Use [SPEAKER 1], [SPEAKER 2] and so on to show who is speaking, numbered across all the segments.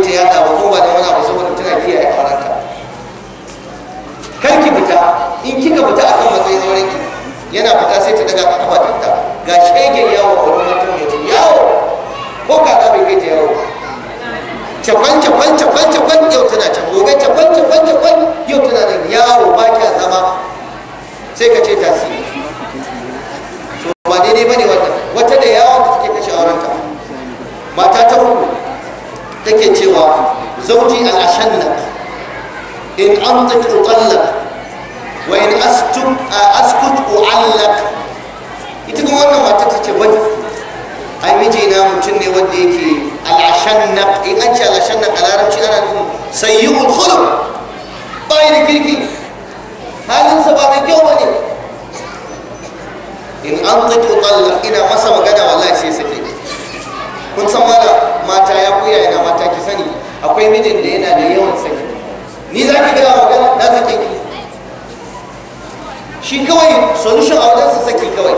[SPEAKER 1] wuce ya ba ko ba da wani abu saboda tana kiyaye kar ki fita in kika fita akan matsayin auren ki yana fita sai ta daga kafa ta ga shegen yawo a wurin mutum ya ce yawo ko kaka bai kai ta yawo cakwan cakwan cakwan cakwan yau tana can gobe cakwan cakwan cakwan yau tana nan yawo ba kya zama sai ka ce tasiri ba daidai ba wannan wata da yawon ta take kashe aurenta mata ta uku take cewa zauji al-ashannaq in amtik Utallak, wa in astuk uh, askut Uallak. ita kuma wannan mata ta ce wani ai miji na mutum ne wanda yake al-ashannaq in an ce al-ashannaq a larabci ana nufin sayyi'ul khuluq bai da kirki halinsa ba mai kyau ba ne in amtik utallaq ina masa magana wallahi sai sake ne kun san wala mata ya kuya yana mata ki sani akwai mijin da yana da yawan saki ni za ki gaya magana na saki? ki shi kawai solution a su saki kawai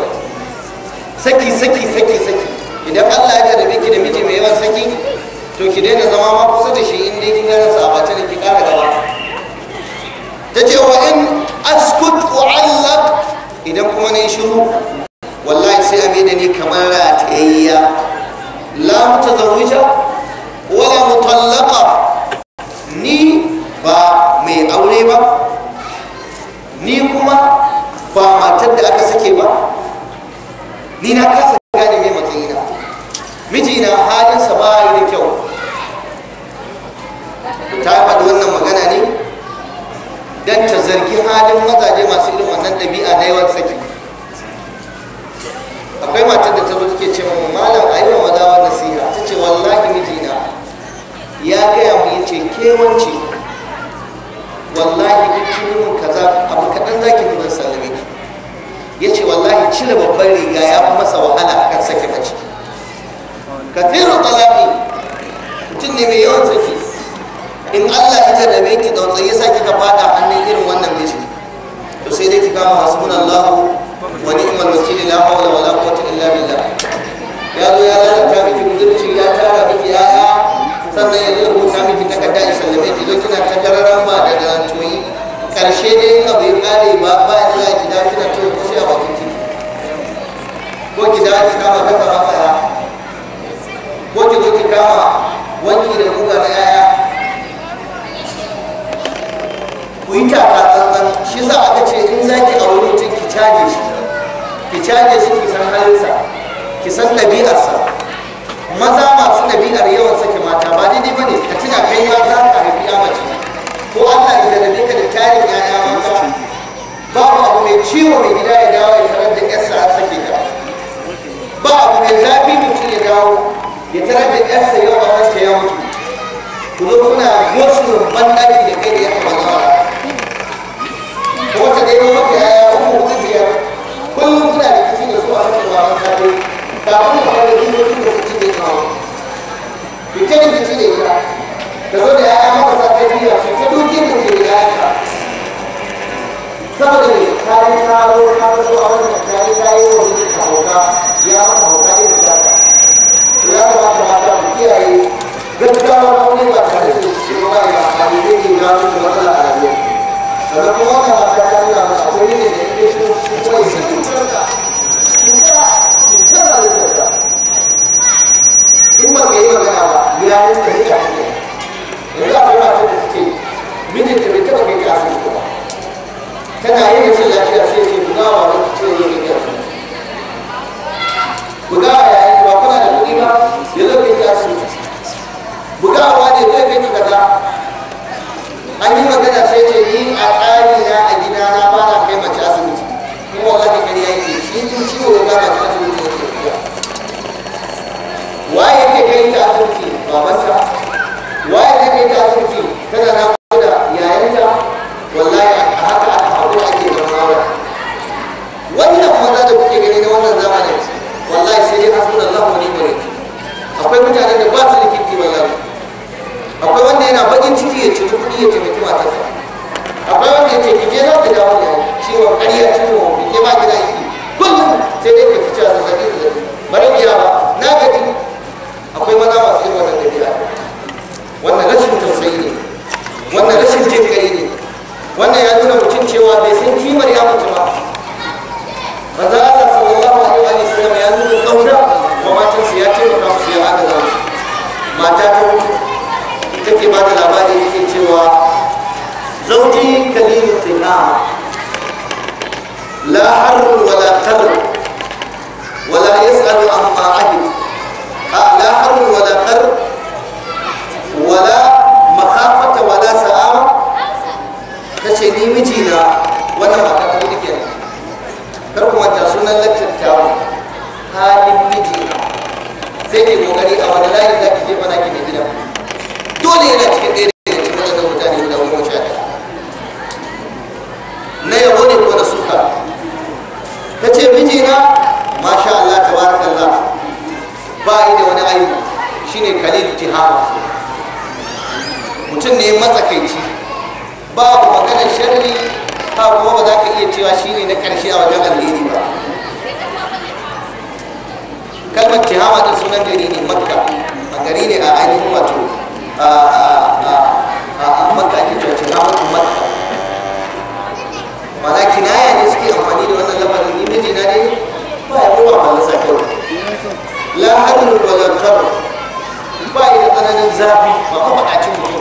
[SPEAKER 1] saki saki saki saki idan allah ya da ki da miji mai yawan saki to ki daina zama ma kusa da shi sannan ya zo rubuta miki takarda ya sallame ki zo kina ta jararama da rantoyi karshe ne abu ya kare ba ba ya za ki dawo kina to ko sai a bakin ko ki dawo ki kama fara fara. ko ki zo ki kama wanki da kuka da yaya ku yi taka tsantsan shi za aka ce in za ki auri mutum ki caje shi ki caje shi ki san halinsa ki san ɗabi'arsa maza masu ɗabi'ar yawan sake mata ba daidai ba ne ka tuna kai ma za ka haifi a mace ko Allah ya jarabe ka da tarin yaya ba ba abu mai ciwo mai gida ya dawo ya tarar da yarsa a sake ta ba abu mai zafi mutum ya dawo ya tarar da yarsa yau ba ta ya mutu ku zo kuna rumban ɗari da kai da ya taɓa zama ko wata ɗaya ba maka yaya uku hudu biyar kullum kuna da kishi da su a cikin ba ba dai kafin ka fara ita ne biki da da zo da ya'ya marasa ke da ya'ya saboda ne ta yi karo karo a wannan cewa ne na ƙarshe a wajen alheri ba kalmar ɗin sunan gari ne makka a gari ne a ainihin wato a a a a a a a a a suke a a a a a a a ne a ya a a a a a a a a a a a a zafi ba kuma a a a a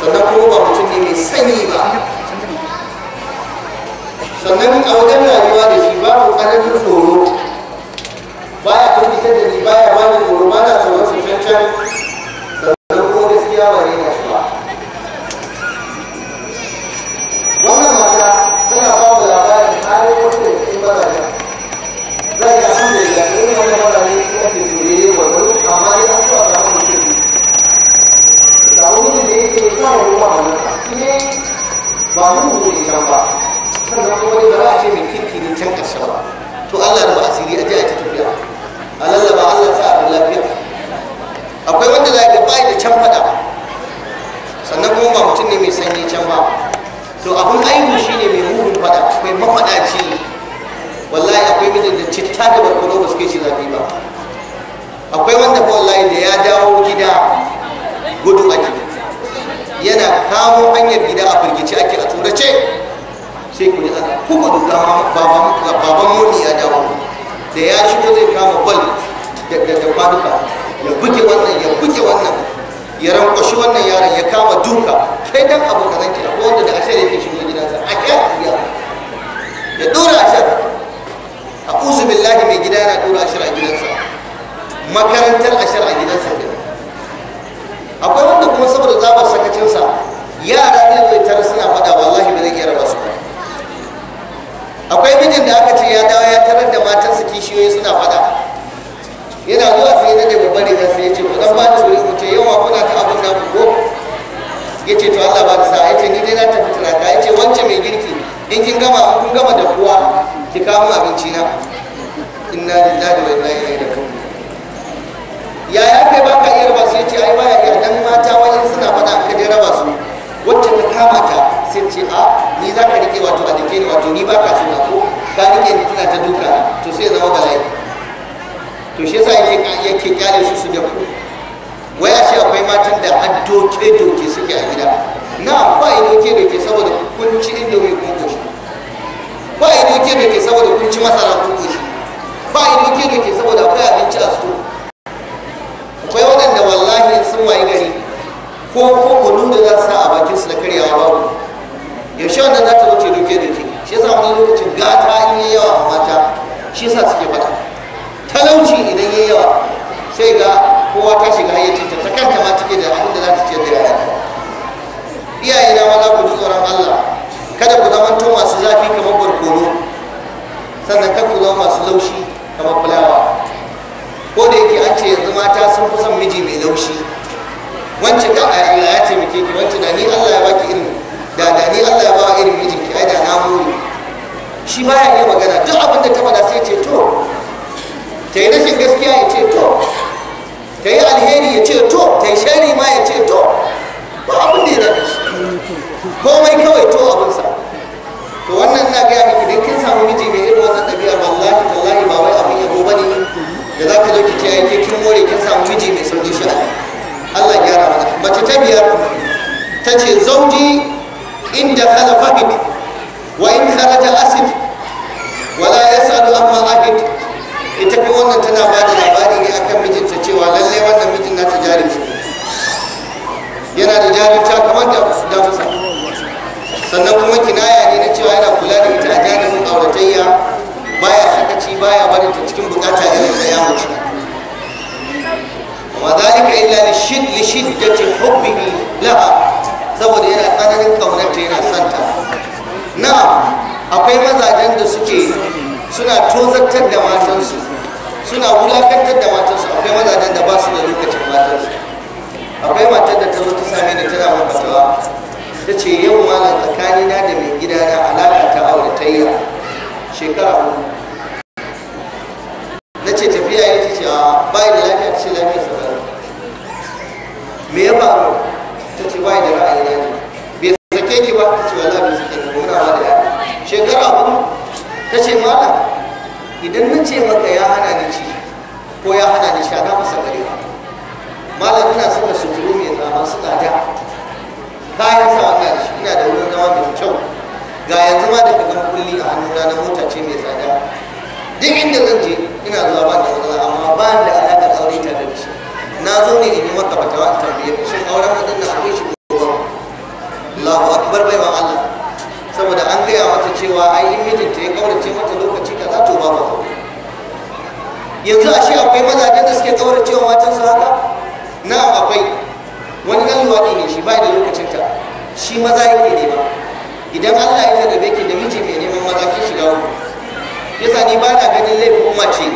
[SPEAKER 1] sannan a ba mutum ne mai sanyi ba sannan a wajen rayuwa da shi babu tsananin tsoro baya firgitar da ni baya bani tsoro ba na tsoron su cancan sannan ko gaskiya ba ne can fada sannan kuma ba mutum ne mai sanyi can ba to abin aibu shi ne mai mugun faɗa akwai mafadaci wallahi akwai mijin da citta da barkono ba su shi zafi ba akwai wanda ba wallahi da ya dawo gida gudu a gida yana kamo hanyar gida a firgici ake a turace sai ku ji ana kuma da baban moni ya dawo da ya shigo zai kama bal da kwaduka ya buge wannan ya buge wannan ya rankwashi wannan yaron ya kama duka kai dan abu ka zanki abu wanda da ashe yake shigo gidansa a kyan ya ya dora ashe a uzu billahi mai gida yana dora ashe a gidansa makarantar ashe a gidansa ne akwai wanda kuma saboda zabar sakacinsa yara ɗin tara suna faɗa wallahi ba zai iya raba su akwai mijin da aka ce ya dawo ya tarar da matansa kishiyoyi suna faɗa yana zuwa sai da nemi bari da sai ce kudan ba ta wuri wuce yawa kuna ta abin da ko ya ce to Allah ba ta sa ya ce ni dai na tafi tunaka ya ce wance mai girki in kin gama kun gama da kuwa ki kawo abinci na inna lillahi wa inna ilaihi raji'un ya ya kai ba ka iya raba su ya ce ai ya ga dan mata wani suna faɗa ka je raba su wacce ka kama ta sai ce a ni za ka rike wato a jike ni wato ni ba ka so ko ka rike ni tana ta duka to sai zama bala'i to shi yasa yake kyale su su da ku wai a ce akwai matan da an doke doke suke a gida na ba yi doke doke saboda kun ci indomi kun goshi ba ido ke doke saboda kun ci masara kun goshi ba ido ke doke saboda akwai abinci a su akwai waɗanda wallahi sun wayi gari ko ko kunu da za su sa a bakin su na karyawa babu yaushe wannan za ta wuce doke doke shi yasa wani lokacin gata in yi yawa a mata shi yasa suke faɗa talauci idan ya yawa sai ga kowa ta shiga hayyacinta ta kanta ma take da abin da za ta ciyar da yayanta iyaye na maza ku ji tsoron Allah kada ku zama to masu zafi kamar barkono sannan kada ku zama masu laushi kamar fulawa ko da yake an ce yanzu mata sun fi son miji mai laushi wancan ka Allah ya taimake ki wancan da ni Allah ya baki irin da da ni Allah ya ba irin mijinki ai da na mu shi baya iya magana duk abin da ta faɗa sai ce to ta yi rashin gaskiya ya ce to ta yi alheri ya ce to ta yi shari ma ya ce to ba abin da ya zaɓe shi komai kawai to abinsa to wannan na gaya miki don kin samu miji mai irin wannan ɗabi'ar ta tallahi ba wai abin yabo ne da za ka zo ki ce aiki kin more kin samu miji mai sauƙi shi Allah gyara mana mace ta biyar ta ce zauji inda kala fabik wa in kharaja asid wala ya yasalu amma ahid ita fi wannan tana ba da labari ne akan mijinta cewa lallai wannan mijin na ta jarumci yana da ta kamar da su ta sannan kuma kinaya ne na cewa yana kula da ita a janibin auratayya baya sakaci baya barin ta cikin bukata irin ta yamu wa zalika illa li shid da shiddati hobbi laha saboda yana tsananin kaunarta yana santa na akwai mazajen da suke suna tozartar da matansu suna wulakantar da matansu akwai mazajen da ba su da lokacin matansu akwai matar da ta zo ta same ni tana mun fatawa ta ce yau malam tsakanina da mai gida na alaƙa ta yi shekara hudu na ce tafiya ya ce cewa bayi da lafiya ta ce lafiya su bari me ya faru ta ce bayi da ra'ayi na ne bai sake ki ba ta ce wallahi bai sake ki ba muna da ya shekara hudu ta ce malam idan na ce maka ya hana ni ci ko ya hana ni sha na masa gare ba malam ina su suturu mai zama su tsada kayan sa wannan shi ina da wurin gawa mai kyau ga yanzu ma da kaga kulli a hannuna na mota ce mai tsada duk inda zan je ina zuwa ba da wani amma ba da alaƙa aure ta da shi na zo ne in yi maka fatawa a tambaye ka auren mutum na akwai shi ko ba Allahu akbar Allah saboda an gaya mata cewa ai in mijinta ya kaurace mata lokacin kaza to babu yanzu ashe akwai mazajen da suke kawar cewa su haka na akwai wani nan luwaɗi ne shi bai da lokacinta shi maza yake nema idan Allah ya jarrabe beki da miji mai neman maza ki shiga uku yasa ni ba na ganin laifin mace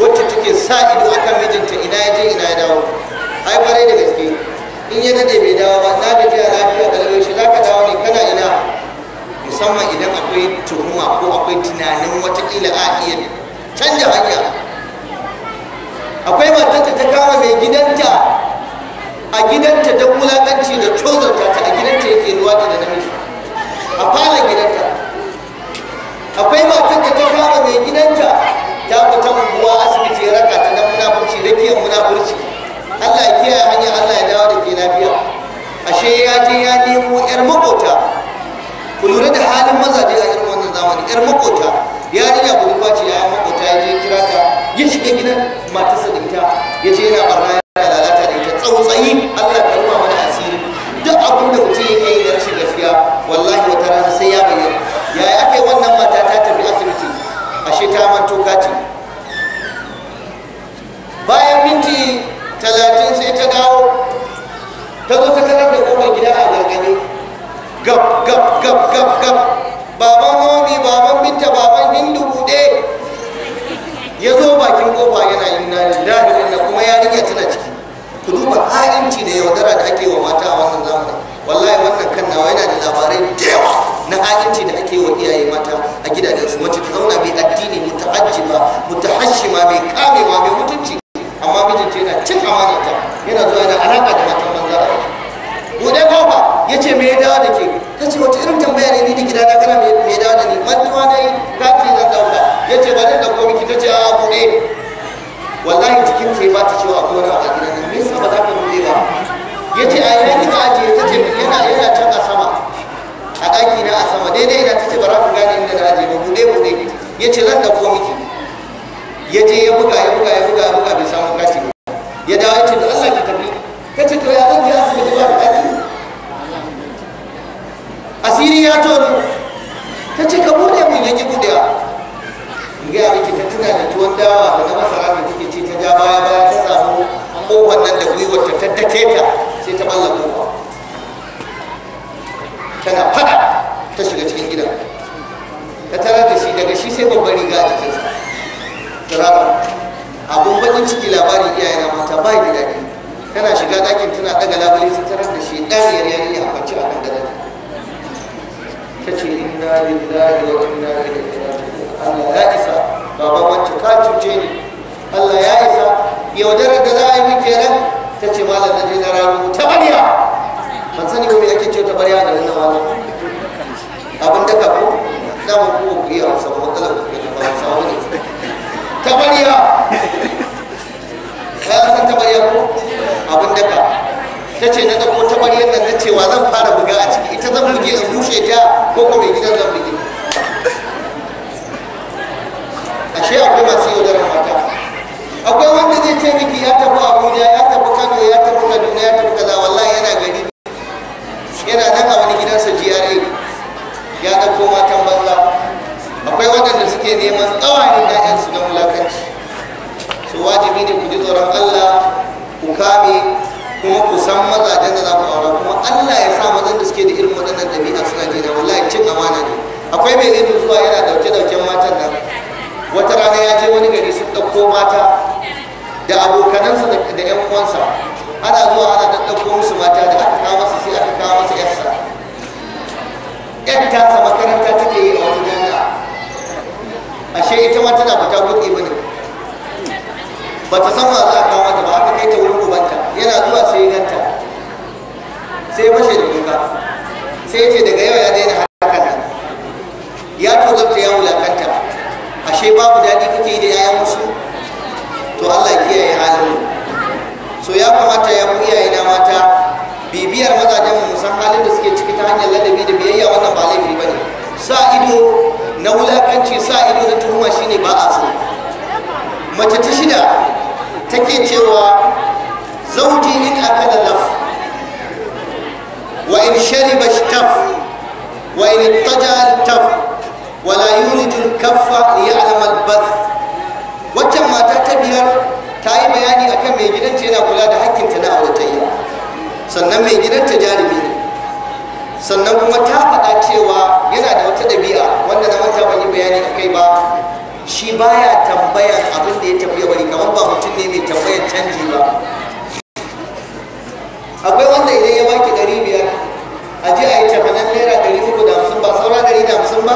[SPEAKER 1] wacce take sa ido akan mijinta ina ya je ina ya dawo ai kwarai da gaske in ya dade bai dawo ba na da a lafiya kalmar shi za ka dawo ne kana ina musamman idan akwai tuhuma ko akwai tunanin watakila a iya mazaje a irin wannan zamani yar makota ya gurin kwaci ya makota ya je kira ta ya shiga gidan matarsa da ya je yana barna yana lalata da ita tsautsayi Allah ka rufa mana asiri duk abin da mutum yake yi da rashin gaskiya wallahi wata rana sai ya bayyana yaya aka wannan mata ta tafi asibiti ashe ta manto kati bayan minti talatin sai ta dawo ta zo ta tarar da kofar gida a gargade gab gab gab gab gab baban homi baban binta baban hindu bude ya zo bakin kofa yana inna lillahi inna kuma ya rike tana ciki ku duba halinci da yaudara da ake wa mata a wannan zamanin wallahi wannan kan nawa yana da labarai da yawa na halinci da ake wa iyaye mata a gidajen su mace ta zauna mai addini muta'ajjiba mutahashima mai kamewa mai mutunci amma mijinta yana cin amana yana zuwa yana alaka da matan banza da kofa yace me ya dawo da ke ta ce wata irin tambaya ne ni da gida na kana mai da ni mantuwa na yi kati zan dauka ya ce ba zan dauko miki ta ce a bude? wallahi cikin ce ba ta cewa akwai wani a gidan nan me yasa ba za ka buɗe ba
[SPEAKER 2] ya ce a yana kika ajiye ta ce yana yana can a
[SPEAKER 1] sama a ɗaki na a sama daidai yana ta ce ba za ku gane inda na ajiye ba buɗe buɗe ya ce zan dauko miki ya je ya buga ya buga ya buga ya buga bai samu kati ya dawo ya ce da Allah ki tafi ta ce to ya zan je asibiti ba asiri ya tono ta ce ka bude mun yanki budewa in gaya miki ta tuna da tuwon dawa da na masara da take ce ta ja baya baya ta samu kofar nan da gwiwar ta tattake ta sai ta balla kofa tana fada ta shiga cikin gidan ta tarar da shi daga shi sai babban riga a jikinsa turaba abun bakin ciki labarin iyayena mata bai da daɗi tana shiga ɗakin tana ɗaga labarin su tarar da shi yariyar yi a kwanci a kan gadon ta ce inna lillahi wa inna ilaihi raji'un Allah ya isa baba wacce ka cuce ni Allah ya isa yaudarar da za a yi min kenan ce malam na je na ramu ta ban sani ko me ake ce ta bariya da wannan wani abin da ka ko da mu ko ku iya samu matsalar ku kenan ba samu ne ta bariya ka san ta bariya ko abin da ka ta ce na ta bari yadda na cewa zan fara buga a ciki ita zan buge in rushe ta ko kuma gida zan buge ashe akwai masu yau da mata akwai wanda zai ce miki ya tafi abuja ya tafi kano ya tafi kaduna ya tafi kaza wallahi yana gari yana nan a wani gidansa gra ya ɗauko matan banza akwai waɗanda suke neman tsawayen ɗayansu don wulakanci su wajibi ne ku ji tsoron allah ku kame kuma ku san mazajen da za ku aura kuma Allah ya sa mazan da suke da irin waɗannan ɗabi'a suna jina wallahi cin amana ne akwai mai ido zuwa yana dauke dauken matan nan wata rana ya je wani gari sun ɗauko mata da abokanansa da ƴan uwansa ana zuwa ana ɗaɗɗauko musu mata da aka kawo masa sai aka kawo musu ƴarsa ƴan tasa makaranta take yi a wata jami'a ashe ita ma tana fita gudu ba ne ba ta san wa za a kawo mata ba yana zuwa sai ganta sai mashe da kuka sai ce daga yau ya daina harkar nan ya tozarta ya wulakanta ashe babu daɗi kake da yayan wasu to Allah kiyaye halin so ya kamata ya fi iyaye na mata bibiyar mazajen mu san halin da suke ciki ta hanyar ladabi da biyayya wannan ba laifi ba ne. sa ido na wulakanci sa ido na tuhuma shine ba a so mace ta shida take cewa زوجي إن أكل لف وإن شرب اشتف وإن اضطجع التف ولا يولد الكف ليعلم البث waccan ما ta biyar ta yi bayani akan mai gidanta yana kula da ta na auratayya sannan mai gidanta jarumi sannan kuma ta faɗa cewa yana da wata ɗabi'a wanda na wata bayi bayani a kai ba shi baya tambayan abin da ya tafi ya bari kamar ba mutum ne mai tambayan canji ba akwai wanda idan ya baki ɗari biyar a ji a yi tafanan naira ɗari uku da hamsin ba saura ɗari da hamsin ba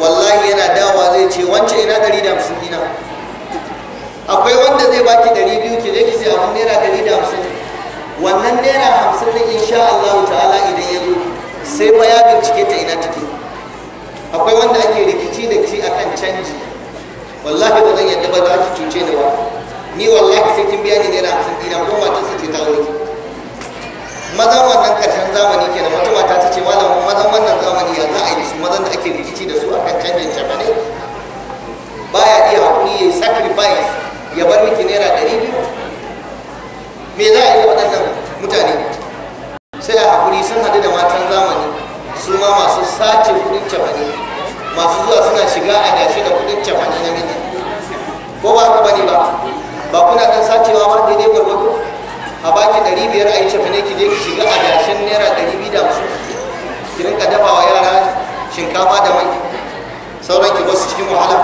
[SPEAKER 1] wallahi yana dawa zai ce wancan ina ɗari da hamsin ina akwai wanda zai baki ɗari biyu ki zai ki sai naira ɗari da hamsin wannan naira hamsin in insha Allah ta'ala idan ya zo sai fa ya bincike ta ina take akwai wanda ake rikici da a akan canji wallahi ba zan yadda ba za ki cuce ni ba ni wallahi sai kin biya ni naira hamsin ina ko matarsa ce ta wuri mazan wannan karshen zamani kenan mutuwa ta ta ce malam mazan wannan zamani ya za a yi da su mazan da ake rikici da su akan canjin jamani baya iya hakuri ya yi sacrifice ya bar miki naira ɗari biyu me za a yi waɗannan mutane sai a hakuri sun haɗu da matan zamani su ma masu sace kuɗin jamani masu zuwa suna shiga a dashe da kuɗin jamani na miji ko ba haka bane ba ba kuna ɗan sacewa ba daidai gwargwado a baki ɗari biyar a yi cefa ne ki je ki shiga a dashen naira ɗari biyu da musu ki rinka dafa wa yara shinkafa da mai sauran ki basu cikin wahala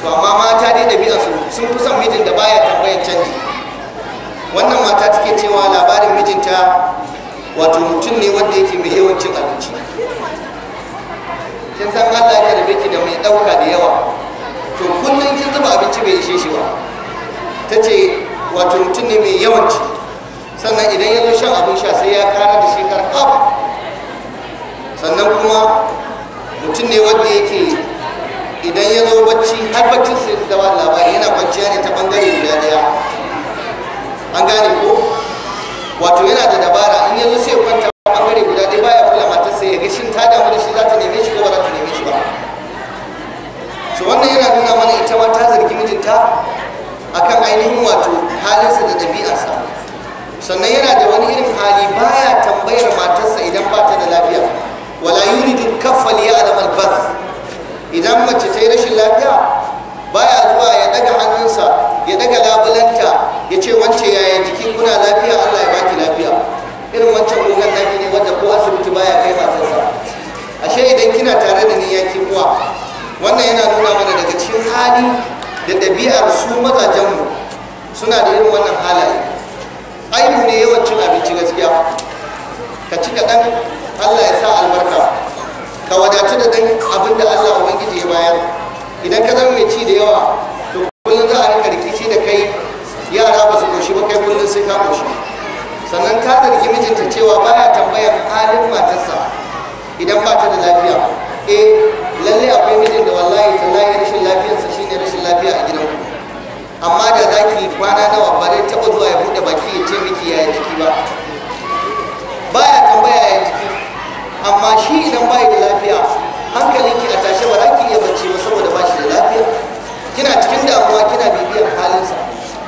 [SPEAKER 1] to amma mata dai su sun fi son mijin da baya tambayar canji wannan mata take cewa labarin mijinta wato mutum ne wanda yake mai yawan cin abinci kin san Allah ya rabe ki da mai ɗauka da yawa to kullum kin zuba abinci bai ishe shi ba ta ce wato mutum ne mai yawanci sannan idan ya zo shan abin sha sai ya kara da shi karkab sannan kuma mutum ne wanda yake idan ya zo bacci har bacci sai da zama labari yana kwanciya ne ta bangare guda daya an gane ko wato yana da dabara in ya zo sai kwanta bangare guda daya baya kula matar sai ya ga shin ta damu da shi za ta neme shi ko ba za ta neme shi ba so wannan yana nuna mana ita ma ta zargi mijinta akan ainihin wato halinsa da ɗabi'arsa sannan yana da wani irin hali baya tambayar matarsa idan ba ta da lafiya wala yuridu kaffal ya'lam albas idan mace ta yi rashin lafiya baya zuwa ya daga hannunsa ya daga labulanta ya ce wance yaya jiki kuna lafiya Allah ya baki lafiya irin wancan gogon naki ne wanda ko asibiti baya kai matarsa ashe idan kina tare da ni yaki kuwa wannan yana nuna mana daga cikin hali da ɗabi'ar su mazajenmu suna da irin wannan halaye aibu ne yawancin abinci gaskiya ka ci kaɗan allah ya sa albarka ka wadatu da ɗan abin da allah ubangiji ya bayar idan ka zama mai ci da yawa to kullum za a rika rikici da kai yara ba su koshi ba kai kullum sai ka koshi sannan ta zargi mijinta cewa baya tambayar halin matarsa idan ba ta da lafiya eh lallai akwai mijin da wallahi tallahi rashin lafiyarsa shine rashin lafiya a gidan ku amma da za ki kwana nawa ba zai taɓa zuwa ya buɗe baki ya ce miki yaya jiki ba baya tambaya ya jiki amma shi idan bai da lafiya hankalin ki a tashe ba za ki iya bacci ba saboda ba shi da lafiya kina cikin damuwa kina bibiyar halinsa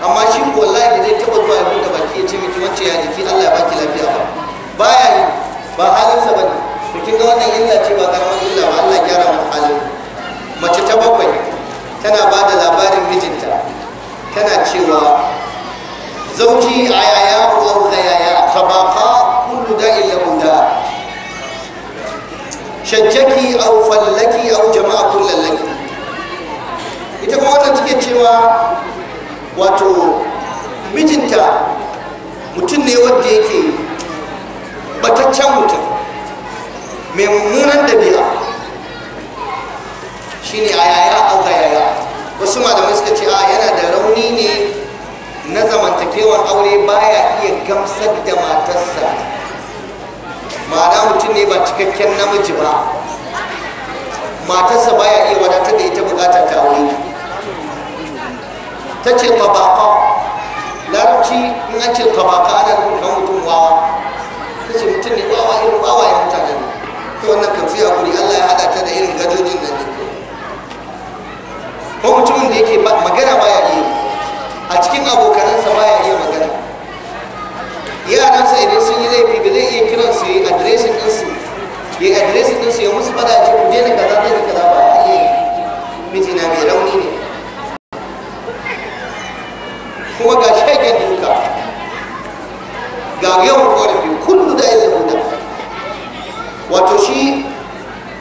[SPEAKER 1] amma shi wallahi da zai taɓa zuwa ya buɗe baki ya ce miki wacce ya jiki Allah ya baki lafiya ba baya yi ba halinsa ba ne kin ga wannan illa ce ba karamar illa ba Allah ya gyara mu halin mace ta bakwai tana ba da labarin mijinta tana cewa zauji a yaya ruwan yaya ka kullu da illa guda shajjaki a fallaki a jama'a kullallaki ita kuma wannan take cewa wato mijinta mutum ne wanda yake bataccen mutum mai mummunan dabi'a shine a yaya au yaya wasu malamai suka ce a yana da rauni ne na zamantakewar aure baya iya gamsar da matarsa ma'ana mutum ne ba cikakken namiji ba matarsa baya iya wadatar da ita bukata ta aure ta ce tabaka larabci in an ce tabaka ana kan mutum wawa ta ce mutum ne wawa irin ya mutane ne ta wannan kan fiya kuri allah ya haɗa ta da irin gadojin nan ne ko mutumin da yake magana baya iya a cikin abokanansa baya iya magana yaransa idan sun yi laifi ba zai iya kiran su yi adireshin ɗinsu ya yi adireshin ɗinsu ya musu fada ce ku daina kaza daina kaza ba a iya mijina mai rauni ne kuma ga shagen duka ga yawan ƙorafi kullu da yin hudu wato shi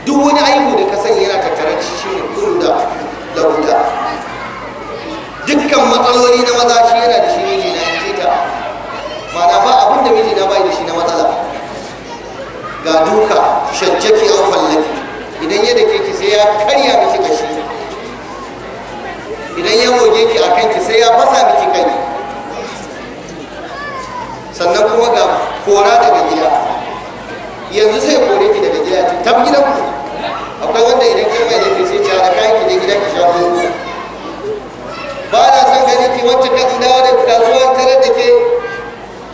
[SPEAKER 1] duk wani aibu da ka sani yana tattare shi shi ne kullu da ya karya miki kashi idan ya goge ki a kanki sai ya fasa miki kai sannan kuma ga kora daga gida yanzu sai kore ki daga gida ki tab gidan ku akwai wanda idan kin mai laifi sai ci ana kayan ki ne gidan ki sha ruwa ba na san gani ki wacce ka dawo da kasuwar tare da ke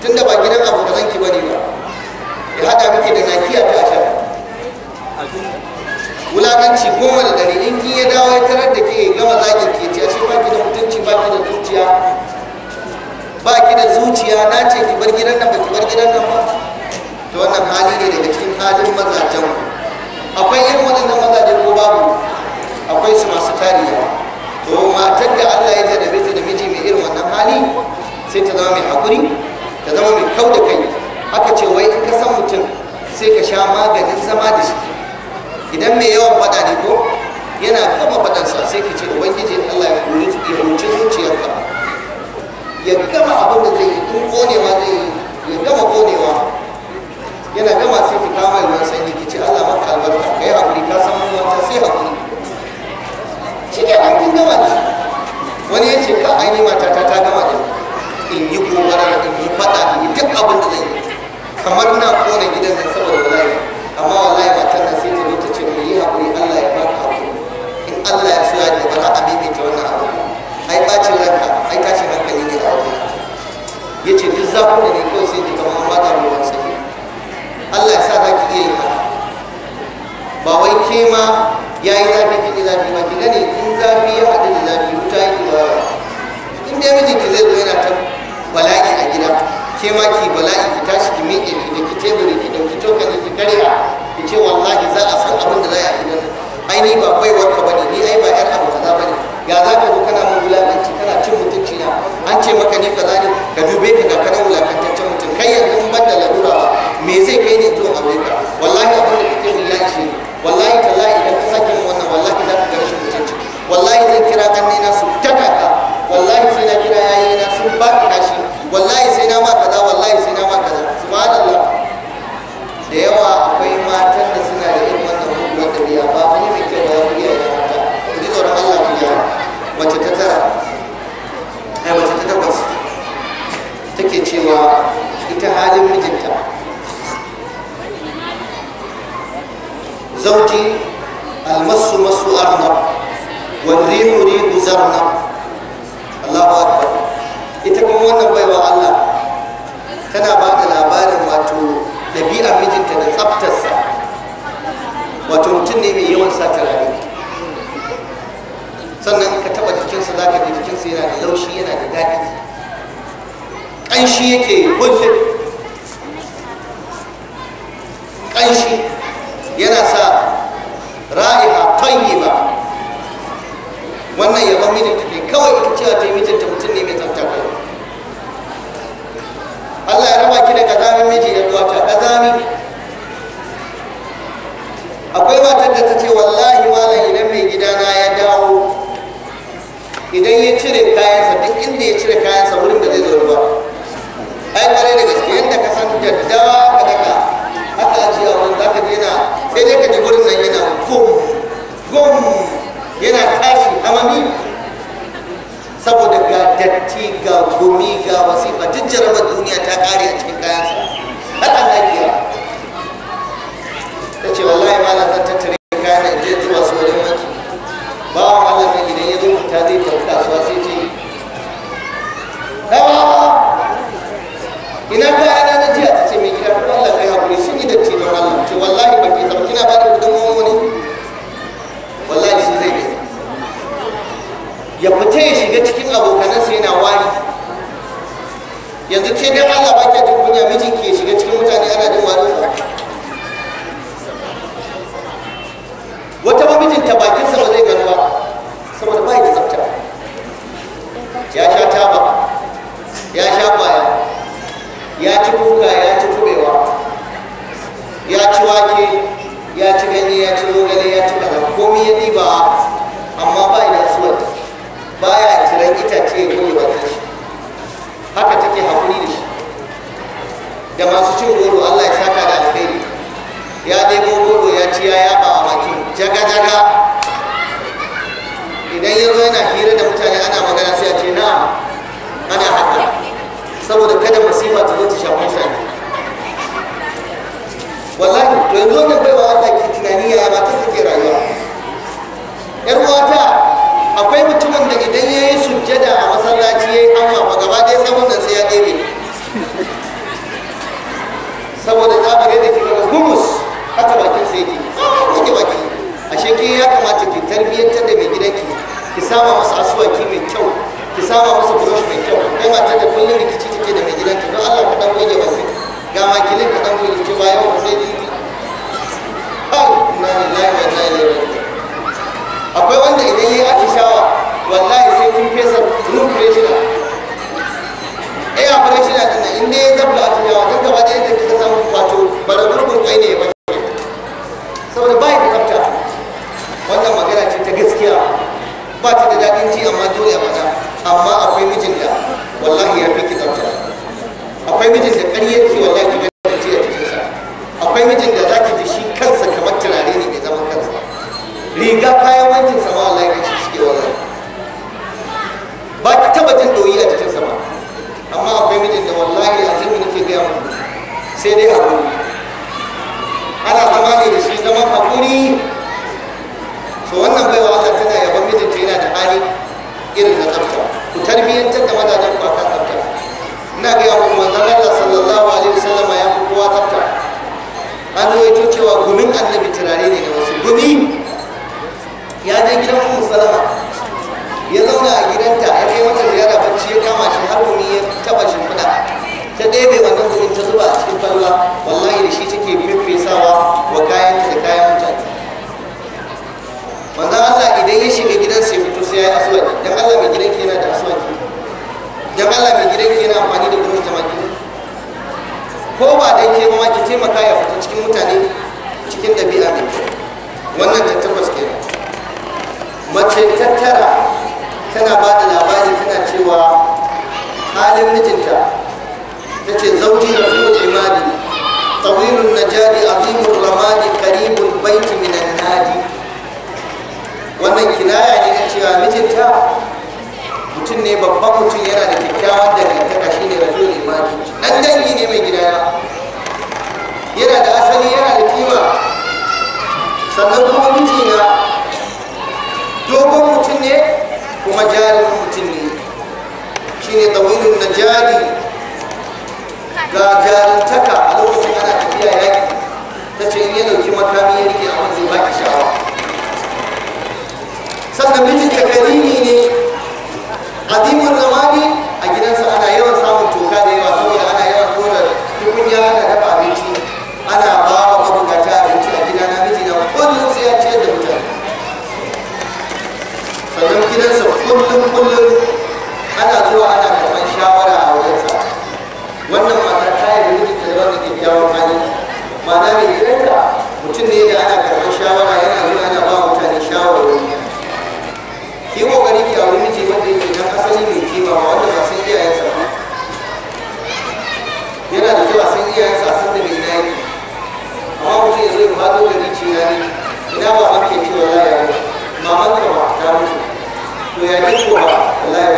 [SPEAKER 1] tunda ba gidan abu zan ki bane ba ya hada miki da nakiya ta sha wulakanci kowane gari in kin ya dawo ya tarar da ke gama zagin ke ce ashe baki da mutunci baki da zuciya baki da zuciya na ce ki bar gidan nan ba ki bar gidan nan ba to wannan hali ne daga cikin halin mazajen akwai irin waɗannan mazaje ko babu akwai su masu tarihi to matar da Allah ya jarabe ta da miji mai irin wannan hali sai ta zama mai hakuri ta zama mai kau da kai aka ce wai in ka san mutum sai ka sha maganin zama da shi idan mai yawan faɗa ne ko yana kama sa sai ka ce ubangiji Allah ya kunci zuciyarka ya gama abin da zai yi in konewa zai yi ya gama konewa yana gama sai ki kama ruwan sai ki ce Allah maka albarka kai hakuri ka san mun wata sai hakuri shi ke an kin gama ne wani ya ce ka aini matata ta gama ne in yi gobara in yi faɗa in yi duk abin da zai yi kamar na kone gidan nan saboda wallahi amma wallahi kamata a maimaita wannan abu ai bacin ranka ai tashin hankali ne a wajen ya ce duk zafin da ne kawai sai ne kamar ba baka ruwan sanyi Allah ya sa za ki iya yi haka ba wai ke ma ya yi zafi kin zafi ba ki gane in zafi ya haɗu da zafi wuta yake ba ba in dai mijinki zai zo yana ta bala'i a gida ke ma ki bala'i ki tashi ki miƙe ki da ki teburi ki ɗauki cokali ki karya ki ce wallahi za a san abin da za a yi a gidan nan ai ni ba kai wanka bane ni ai ba yar abu kaza bane ya za ka zo kana mun wulakanci kana cin mutunci na an ce maka ni kaza ne ka dube ka ga kana wulakantaccen mutum kai yanzu ban da ladura ba me zai kai ne zuwa aure ka wallahi abin da da ta ce wallahi malam idan mai gidana ya dawo idan ya cire kayansa duk inda ya cire kayansa wurin da zai zo ba ai kare da gaske yadda ka san daddawa ka daka haka ji a wurin zaka ji yana sai dai ka ji wurin nan yana gum gum yana tashi amami saboda ga datti ga gumi ga wasifa duk jarabar da ke dan Allah ba kunya mijin ke shiga cikin mutane ana jin wata ta bakin sa ba zai gano ba saboda ba da tsafta ya sha taba ya sha baya ya ci kuka ya ci kubewa ya ci wake ya ci ganye ya ci rogale ya ci kaza komai ya diba amma ba da suwat baya ciran itace ko ya wata shi haka take haƙuri da masu cin goro Allah ya saka da alkhairi ya ɗebo goro ya ci ya yaba a baki jaga-jaga idan ya zo yana hira da mutane ana magana sai a ce na ana haka saboda kada masifa ta zo ta shafi mutane wallahi to yanzu wannan baiwa Allah ke tunani ya ba ta take rayuwa yar uwata akwai mutumin da idan ya yi sujjada a masallaci ya yi amma gaba ɗaya sabon ba ga yadda kika humus haka bakin sai ki yake baki ashe ke ya kamata ki tarbiyyantar da mai gidanki ki sama masa asuwaki mai kyau ki sama masa brush mai kyau kai mata da kullum rikici take da mai gidanki don Allah ku dan goge baki ga makilin ka dan goge ki bayan ku sai ki na akwai wanda idan yayi atishawa wallahi sai kin fesa room pressure nafila din nan in dai zabla a tunawa kan da yadda kika samu wato ne ta gaskiya da daɗin ci amma a faɗa amma akwai mijinta wallahi ya fi ki a cikin sa akwai mijin da kansa kamar ne zaman kansa riga kayan wankin sama wallahi shi suke wallahi ba ki taba jin doyi a cikin amma akwai mijin da wallahi yanzu mu nake gaya mu sai dai hakuri ana zama ne da shi zama hakuri so wannan bai wa wata tana yaban mijin ta yana da hali irin na tsafta ku tarbiyyantar da mazajen ku akan tsafta ina gaya ku manzon Allah sallallahu alaihi wasallam ya fi kowa tsafta an rawaito cewa gumin annabi turare ne ga wasu gumi ya je gidan Ummu Salama ya zauna a gidanta ya kai wata ziyara bacci ya kama shi har kama shimfiɗa ta ɗebe wannan kuɗin ta zuba a cikin falla wallahi da shi take fefesawa wa kayanta da kayan mutane manzan Allah idan ya shiga gidan sai fito sai ya yi dan Allah mai gidan ke da aswaki dan Allah mai gidan ke amfani da gurin jama'a ko ba dan ke ma ki taimaka ya fita cikin mutane cikin ɗabi'a mai wannan ta tabbas kenan mace tattara tana ba da labari tana cewa halin mijinta ta ce zauji da fiye imani jari a azimun ramadi karibun baiti minan nadi wannan kinaya ne na cewa mijinta mutum ne babban mutum yana da kyakkyawan ta shi ne rajul imani dan dangi ne mai gidaya yana da asali yana da kima sannan kuma mijina dogon mutum ne kuma jarin mutum ne shine tawilun najadi ga jarantaka a lokacin ana tafiya yaki ta ce in ya dauki makami ya rike abin zai baki sha'awa sannan mijinta karimi ne adimin zamani a gidansa ana yawan samun toka da yawa saboda ana yawan tona tukunya ana dafa abinci ana ba wa mabukata abinci a gida na na kullum sai ya ce da mutane sannan gidansa kullum kullum ana zuwa ana karɓar shawara a wajensa wannan mata ta yi da mijinta da wannan kyakkyawan hali ma'ana mai gidanka mutum ne da ana karɓar shawara yana zuwa ana ba mutane shawarwari ki kokari ki auri miji wanda yake dan asali mai kima ba wanda ba san iyayensa ba yana da zuwa san iyayensa a san da mai gida yake amma mutum ya zo ya fado da ni ciya ne ina ba ma ke cewa ya yi maman ka ba ta mutu to ya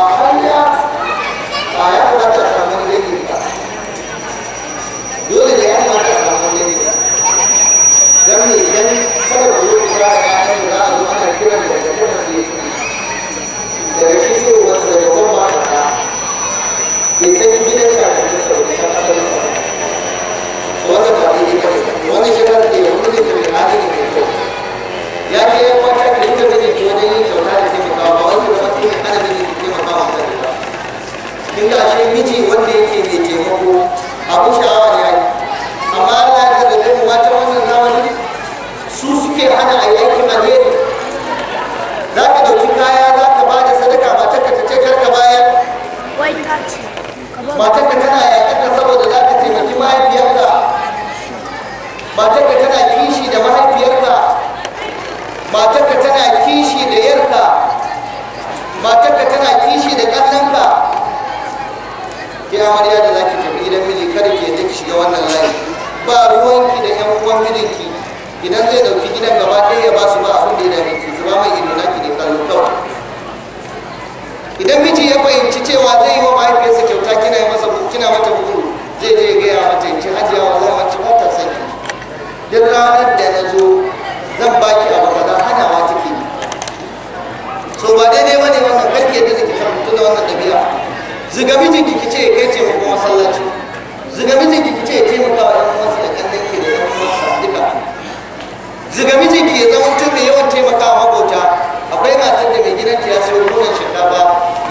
[SPEAKER 1] kin ga shi miji wanda yake mai taimako abu sha'awa ne ai amma Allah ya ga mu mata wannan zamani su suke hana a aikin alheri za ka ɗauki kaya za ka ba da sadaka matarka ta ce matarka tana yaƙar saboda za ka taimaki mahaifiyarka matarka tana kishi da mahaifiyarka matarka tana kishi da yarka matarka tana kishi da ke amarya da zaki tafi gidan miji kada ki yadda ki shiga wannan layi ba ruwanki da yan uwan mijinki idan zai dauki gidan gaba ɗaya ya ba su ba abin da ya dame ki zuba mai ido naki ne kallo kawai idan miji ya fahimci cewa zai yi wa mahaifiyarsa kyauta kina yi masa kina mata buru zai je ya gaya mata ya ce ajiya wa zai wacce mata sanki duk ranar da na zo zan ki abu kaza hanawa take so ba daidai bane wannan karki yadda zai ki karanta da wannan ɗabi'a zuga mijin ki kice kai ce mu masallaci zuga mijin kice ce taimaka wa ɗan uwansa da kallon ki da ɗan uwansa duka zuga mijin ki ya zama mutum mai yawan taimaka wa makota akwai matar da mai gidanta ya sayo nonon shinkafa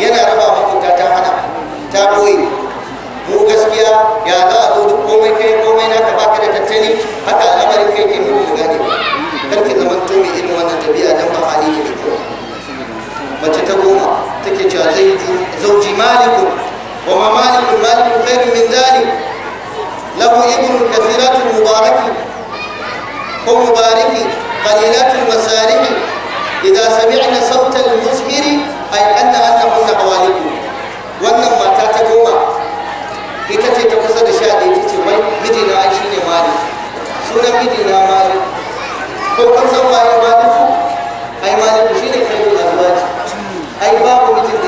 [SPEAKER 1] yana raba makota ta hana ta boye mu gaskiya ya za a zo duk komai kai komai na ka baka da tattali haka al'amarin kai ke mu gane kar ki zama mutum mai irin wannan tabi'a dan ba hali ne mai kyau mace ta goma take cewa zauji maliku وما مالك خير من ذلك له ابن كثيرات المبارك هو مبارك قليلات المسارح اذا سمعنا صوت المزهر اي ان ان كنا قوالب وانما تاتكوما كتتي تقصد شادي تتي مدينا عايشين مالك سورة مدينا مالك هو كم سوى اي مالك اي مالك شيني خير الازواج اي باب مدينا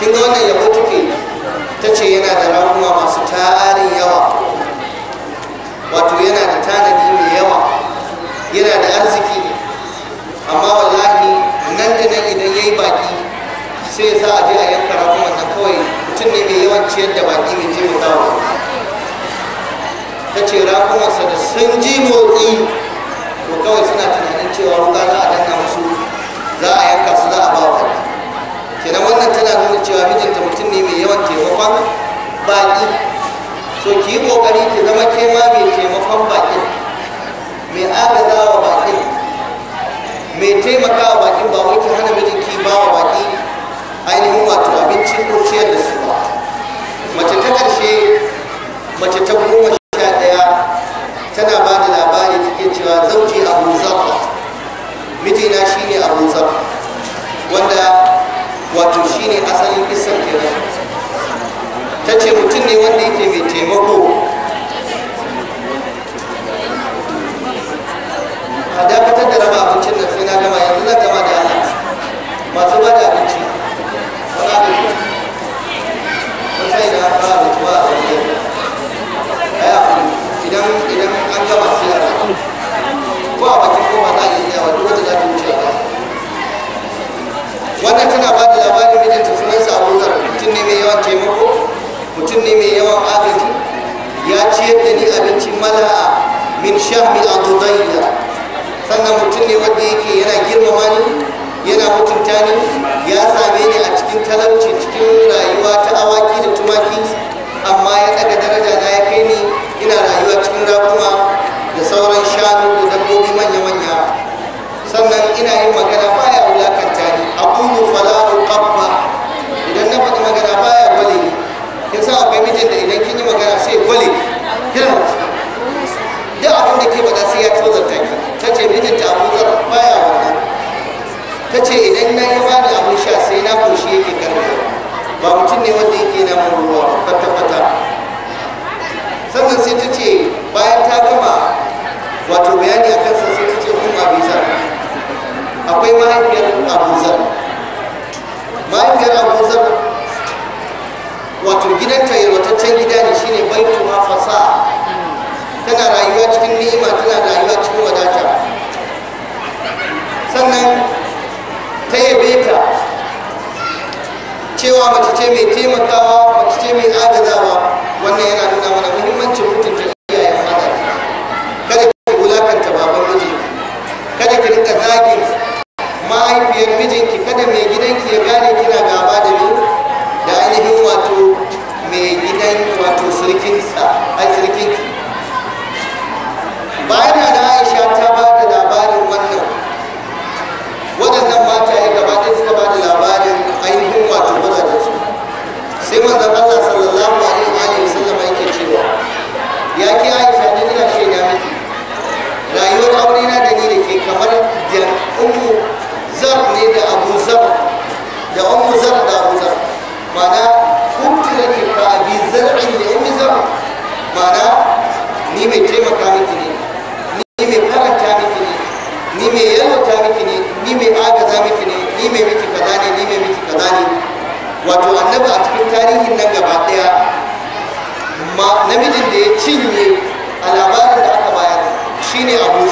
[SPEAKER 1] kin ga wannan yabo take ta ce yana da ramuwa masu tarin yawa wato yana da tanadi mai yawa yana da arziki amma wallahi nan da nan idan ya yi baki sai ya a je a yanka ramuwa nan kawai mutum ne mai yawan ciyar da baki mai je mai dawo ta ce sa da sun ji motsi to kawai suna tunani walida sannan mutum ne wanda yake yana girmama ni yana mutunta ni ya same ni a cikin talauci cikin rayuwa ta awaki da tumaki amma ya idan na yi da abin sha sai na koshi yake karfi ba mutum ne wanda yake na mun ruwa kwata kwata sannan sai ta ce bayan ta gama wato bayani a kansa sai ta ce kun abizar akwai mahaifiyar abuzar mahaifiyar abuzar wato gidanta yalwataccen gida ne shine baitu ma fasa tana rayuwa cikin ni'ima tana rayuwa cikin wadata sannan ta yabe ta cewa mace ce mai taimakawa mace ce mai agazawa wannan yana nuna mana muhimmancin mutunta iyayen mata kada ki wulakanta baban miji kada ki rika zagin mahaifiyar mijinki kada mai gidanki kazalik wato annabi a cikin tarihin nan gaba daya namijin da ya cinye a labarin da aka bayar shine abu